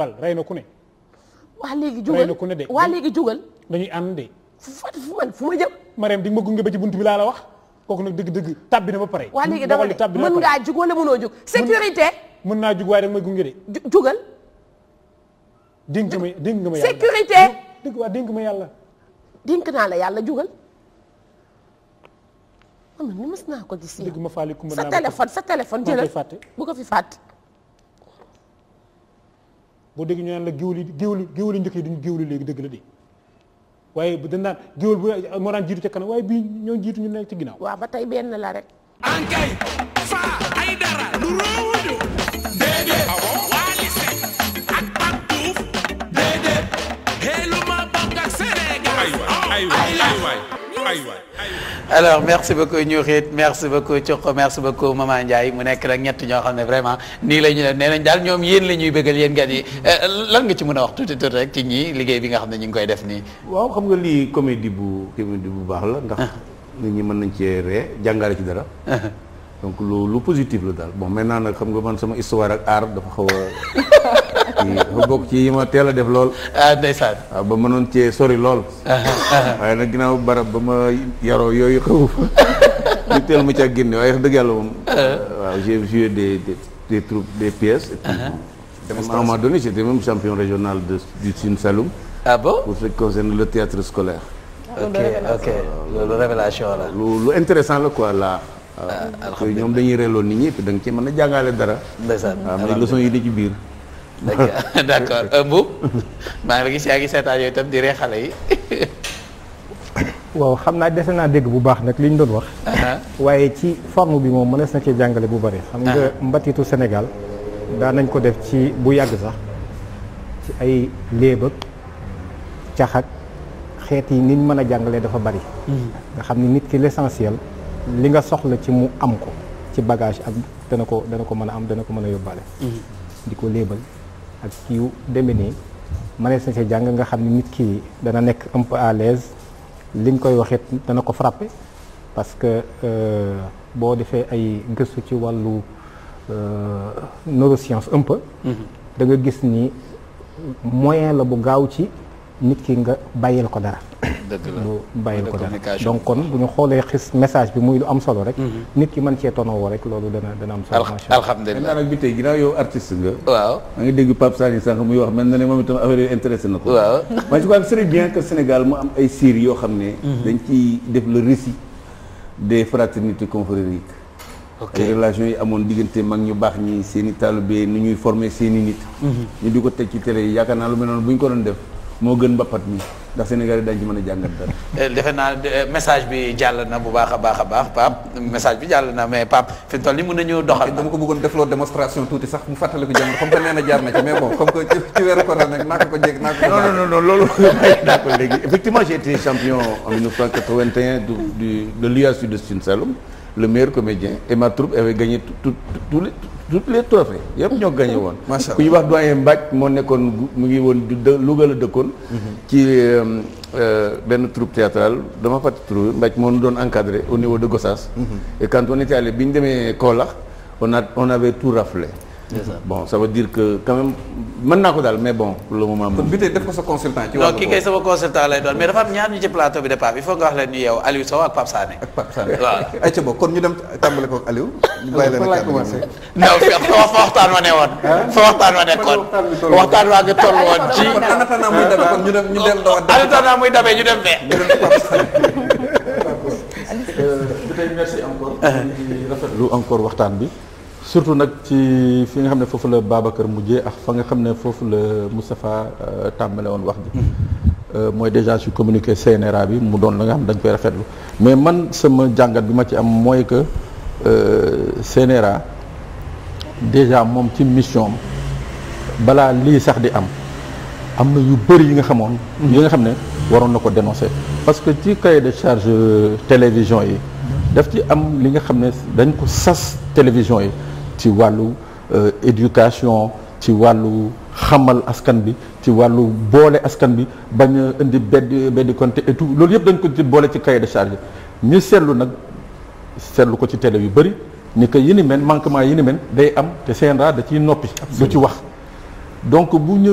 bal rey na ku ne. waa léegi jugal ku ne waa léegi jugal. dañuy ànd de. fu man fu ma jëm. Marème di ma gunge ba ci bunt bi laa la wax kooku nag dëgg-dëgg tàbbi ba pare. waa léegi dama ne mën ngaa jug wala mënoo jug. sécurité. mën naa jug waaye rek may gunge de. jugal. dénk ma dénk ma yàlla sécurité. dëgg naa la yàlla jugal. man ni mës naa ko gis. dëgg ma fàttaliku mën naa ko sa telefon sa téléphone jëlal bu ko fi fàtte. boo dégg ñu naan la géwël yi géwël géwël yi njëkk yi duñ géwël de waaye dañ naan géwël bu moo daan jiitu ca kanam waaye bii ñoo jiitu ñu nekk ci ginnaaw waaw ba tey benn la rek ankay fa ay dara lu roowuñu déedéet Wally Seck ak Pape Diouf déedéet xeelu ma bokk ak Sénégal ay waay alors merci beaucoup Ñuuxit merci beaucoup Cokko merci beaucoup Maman Ndiaye mu nekk nag ñett ñoo xam ne vraiment nii la ñu nee nañ daal ñoom yéen la ñuy bëggal yéen gan yi euh, lan nga ci mën a wax tuuti tuuti rek ci ñi liggéey bi nga xam ne ñu ngi koy def nii. waaw xam nga lii comédie bu comédie bu baax la ndax. Ah. nit ñi mën nañ cee ree jàngale ci dara. Ah. donc lu lu positif la daal bon maintenant nag xam nga man sama histoire ak art dafa xaw a. Mm, dafa bokk ci yi ma teel a def lool. ah ndeysaan. waaw ah, ba mënoon cee sori lool. waaye nag ginnaaw barab ba ma yaroo yooyu xawu fa. ñu teel ma ca génne waaye wax dëgg yàlla moom. Ah, waaw j'ai joué des des des troupes des pièces. à un moment donné j'étais même champion régional de du Sine Saloum. ah bon pour ce qui le théâtre scolaire. Ah, ok ok loolu révélation la. lu intéressant la quoi la. alhamdulilah ñoom dañuy reeloo nit ñi danga nga ci mën a jàngale dara. ndeysaan waaw mais leçon yi di ci biir. d' accord euh, Mboup maa ngi gis yaa ngi seetaan yooyu itam di ree xale yi. waaw xam naa dese naa dégg bu baax nag liñ doon wax. waaye ci forme bi moom mën a cee jàngale bu bari xam nga mbatitu Sénégal daan nañ ko def ci bu yàgg sax ci ay léeb ak xeet yi ni mën a jàngalee dafa bari mhm. nga xam ni nit ki l' essentiel li nga soxla ci mu am ko ci bagage ak dana ko dana ko mën a am dana ko mën a yóbbaale. Mhm. di ko léebal. ak yu deme nii mënees na ci jàng nga xam ni nit ki dana nekk un peu à l'aise liñ koy waxit dana ko frappé parce que euh, boo defee ay gëstu ci wàllu euh, neuroscience un peu mm-hmm. gis ni moyen la bu gaaw ci nit ki nga bàyyil ko dara dëgg la mu bàyyi ko dara donc kon bu ñu xoolee xis message bi muy lu am solo rek. Mhm. nit ki man cee tonawoo rek loolu dana dana am solo. macha allah alhamdulilah nag bi tey ginnaaw yow artiste nga. waaw maa ngi dégg Pape Sané sànq muy wax mel na ne moom itam affaire yi intéressé na ko. waaw man je crois que c'est bien que Sénégal mu am ay séries yoo xam ne. Mhm. dañ ciy def le récit des fraternités confrériques. ok ay relations yi amoon diggante mag ñu baax ñi seeni i taalibe nu ñuy former seen nit. Mhm. ñu di ko teg ci télé yi yaakaar naa lu mel bu ñu ko doon def. moo gën mbappat mi ndax Sénégal yi dañ ci mën a jàngat eh, defe naa eh, message bi jàll na bu baax a baax a baax Pape message bi jàll na mais Pape fi mu toll nii mën doxal. dama ko bëggoon defloo démonstration tuuti sax mu fàttali ko jamono comme que nee na jaar na ci mais bon comme que ci weeru koor nag naa ko ko jég naa ko. non non non loolu naa ko léegi effectivement j'ai été champion en du de l'UA Sud de Sine Saloum le meilleur comédien et ma troupe avait gagné tout tout tout toutes les trophées yëpp ñoo gagné woon. macha allah ku wax doyen Mbaj moo nekkoon mu ngi woon du dë Louga la dëkkoon. Mhm. ci euh, euh, benn troupe théâtrale dama fàtte troupe Mbaj moo ñu doon encadré au niveau de Gossas. Mhm. et quand on était bi ñu demee Kaolack on a on avait tout raflé. bon ça veut dire que quand mën naa ko daal mais bon pour le moment. kon bi tey def ko sa consultant. ci wàllu non kii kay sama consultant lay doon mais dafa am ñaar ñu ci plateau bi de Pape il faut nga wax leen ñu yow Aliou Sow ak Pape ak Pape Sané voilà. ayca kon ñu dem tàmbale ko ak Aliou. ñu bàyyi leen ak commencé. non woon. ci. kon en muy demee kon ñu dem ñu dem doon. en attendant muy demee ñu dem de. ñu dem Pape euh, lu encore waxtaan bi. surtout nag ci fi nga xam ne foofu la Babacar mujjee ak fa nga xam ne foofu la Moustapha euh, tàmbale woon wax ji mm-hmm. euh, mooy déjà su communiqué CNRA bi mu doon la nga xam ne dañ koy rafetlu mais man sama jàngat bi ma ci am mooy que euh, CNRA déjà moom ci mission balaa lii sax di am am na yu bëri yi nga xamoon mm-hmm. yi nga xam ne waroon na ko dénoncer parce que ci cahier de charge télévision yi mm-hmm. daf ci am li nga xam ne dañ ko sas télévision yi ci wàllu euh, éducation ci wàllu xamal askan bi ci wàllu boole askan bi bañ indi beddi beddi konte et tout loolu yëpp dañ ko ci boole ci cahier de charge ñu seetlu nag seetlu ko ci tele yu bëri ni que yi manquement yi ni day am te CNRA da ciy noppi du ci wax donc bu